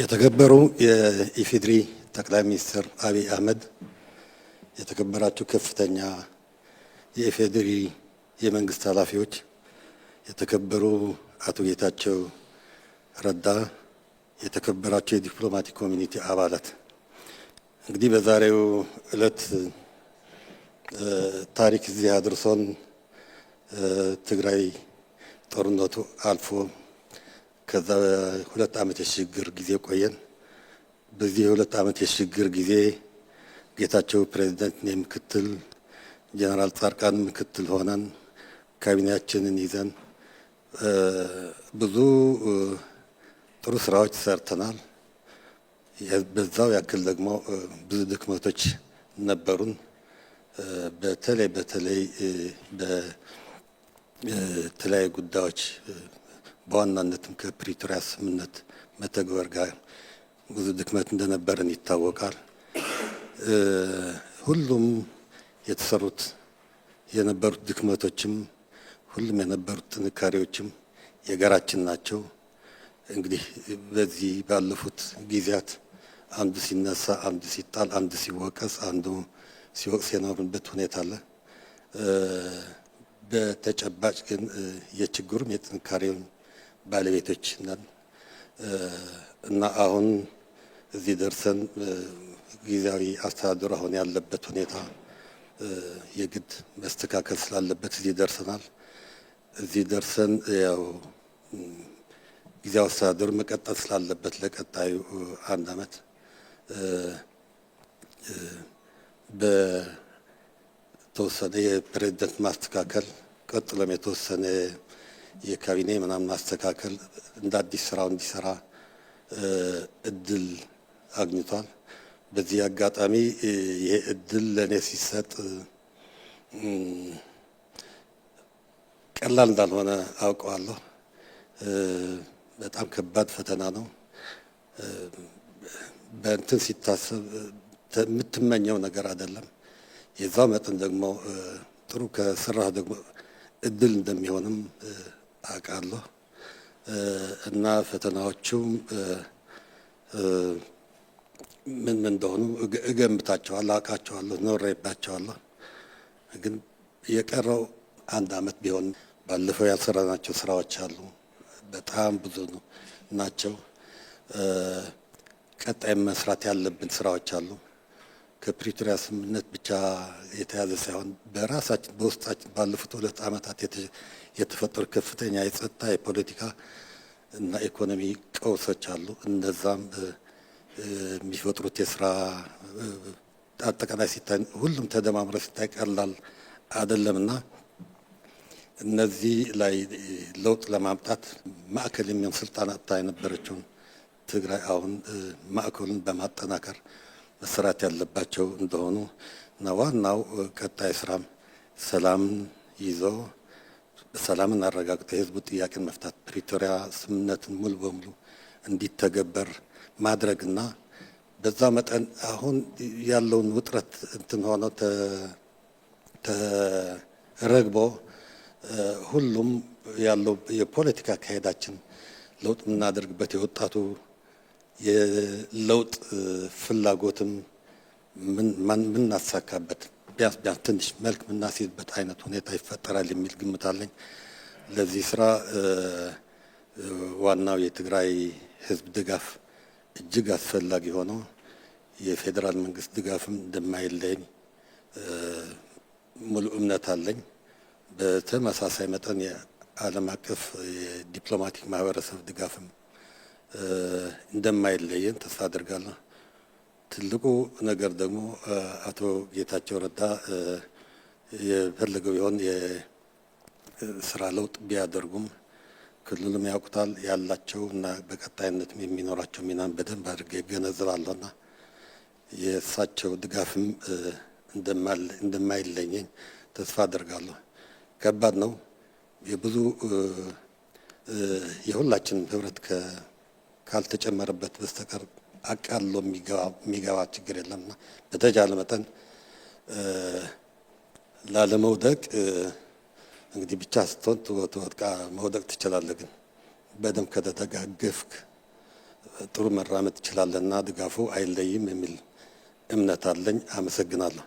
የተከበሩ የኢፌድሪ ጠቅላይ ሚኒስትር አብይ አህመድ፣ የተከበራችሁ ከፍተኛ የኢፌድሪ የመንግስት ኃላፊዎች፣ የተከበሩ አቶ ጌታቸው ረዳ፣ የተከበራቸው የዲፕሎማቲክ ኮሚኒቲ አባላት፣ እንግዲህ በዛሬው ዕለት ታሪክ እዚህ አድርሶን ትግራይ ጦርነቱ አልፎ ከዛ ሁለት ዓመት የሽግግር ጊዜ ቆየን። በዚህ የሁለት ዓመት የሽግግር ጊዜ ጌታቸው ፕሬዚደንት፣ ምክትል ጀነራል ጻድቃን ምክትል ሆነን ካቢኔያችንን ይዘን ብዙ ጥሩ ስራዎች ሰርተናል። በዛው ያክል ደግሞ ብዙ ድክመቶች ነበሩን። በተለይ በተለይ በተለያዩ ጉዳዮች በዋናነትም ከፕሪቶሪያ ስምምነት መተግበር ጋር ብዙ ድክመት እንደነበረን ይታወቃል። ሁሉም የተሰሩት የነበሩት ድክመቶችም ሁሉም የነበሩት ጥንካሬዎችም የጋራችን ናቸው። እንግዲህ በዚህ ባለፉት ጊዜያት አንዱ ሲነሳ፣ አንዱ ሲጣል፣ አንዱ ሲወቀስ፣ አንዱ ሲወቅስ የኖርንበት ሁኔታ አለ። በተጨባጭ ግን የችግሩም የጥንካሬውን ባለቤቶች ነን እና አሁን እዚህ ደርሰን ጊዜያዊ አስተዳደሩ አሁን ያለበት ሁኔታ የግድ መስተካከል ስላለበት እዚህ ደርሰናል። እዚህ ደርሰን ያው ጊዜያዊ አስተዳደሩ መቀጠል ስላለበት ለቀጣዩ አንድ ዓመት በተወሰነ የፕሬዚደንት ማስተካከል ቀጥሎም የተወሰነ የካቢኔ ምናምን ማስተካከል እንደ አዲስ ስራው እንዲሰራ እድል አግኝቷል። በዚህ አጋጣሚ ይሄ እድል ለእኔ ሲሰጥ ቀላል እንዳልሆነ አውቀዋለሁ። በጣም ከባድ ፈተና ነው። በእንትን ሲታሰብ የምትመኘው ነገር አይደለም። የዛው መጠን ደግሞ ጥሩ ከስራህ ደግሞ እድል እንደሚሆንም አውቃለሁ እና ፈተናዎቹም ምን ምን እንደሆኑ እገምታቸዋለሁ፣ አውቃቸዋለሁ፣ ኖሬባቸዋለሁ። ግን የቀረው አንድ አመት ቢሆን ባለፈው ያልሰራናቸው ስራዎች አሉ። በጣም ብዙ ናቸው። ቀጣይ መስራት ያለብን ስራዎች አሉ። ከፕሪቶሪያ ስምምነት ብቻ የተያዘ ሳይሆን በራሳችን በውስጣችን ባለፉት ሁለት ዓመታት የተፈጠሩ ከፍተኛ የጸጥታ የፖለቲካ እና ኢኮኖሚ ቀውሶች አሉ። እነዛም የሚፈጥሩት የስራ አጠቃላይ ሲታይ ሁሉም ተደማምረ ሲታይ ቀላል አይደለምና እነዚህ ላይ ለውጥ ለማምጣት ማዕከል የሚሆን ስልጣን አጥታ የነበረችውን ትግራይ አሁን ማዕከሉን በማጠናከር መሰራት ያለባቸው እንደሆኑ እና ዋናው ቀጣይ ስራም ሰላምን ይዞ ሰላምን አረጋግጦ የህዝቡ ጥያቄን መፍታት ፕሪቶሪያ ስምምነትን ሙሉ በሙሉ እንዲተገበር ማድረግና በዛ መጠን አሁን ያለውን ውጥረት እንትን ሆኖ ተረግቦ ሁሉም ያለው የፖለቲካ አካሄዳችን ለውጥ የምናደርግበት የወጣቱ የለውጥ ፍላጎትም ምናሳካበት ቢያንስ ቢያንስ ትንሽ መልክ ምናስይዝበት አይነት ሁኔታ ይፈጠራል የሚል ግምት አለኝ። ለዚህ ስራ ዋናው የትግራይ ህዝብ ድጋፍ እጅግ አስፈላጊ ሆኖ የፌዴራል መንግስት ድጋፍም እንደማይለይም ሙሉ እምነት አለኝ። በተመሳሳይ መጠን የዓለም አቀፍ የዲፕሎማቲክ ማህበረሰብ ድጋፍም እንደማይለየን ተስፋ አድርጋለሁ። ትልቁ ነገር ደግሞ አቶ ጌታቸው ረዳ የፈለገው ቢሆን የስራ ለውጥ ቢያደርጉም ክልሉም ያውቁታል ያላቸው እና በቀጣይነት የሚኖራቸው ሚናን በደንብ አድርገ ይገነዘባለሁና የእሳቸው ድጋፍም እንደማይለኝ ተስፋ አድርጋለሁ። ከባድ ነው የብዙ የሁላችንም ህብረት ካልተጨመረበት በስተቀር አቃሎ የሚገባ ችግር የለምና በተቻለ መጠን ላለመውደቅ እንግዲህ ብቻ ስትሆን ትወድቃ መውደቅ ትችላለህ። ግን በደንብ ከተደጋገፍክ ጥሩ መራመድ ትችላለህና ድጋፉ አይለይም የሚል እምነት አለኝ። አመሰግናለሁ።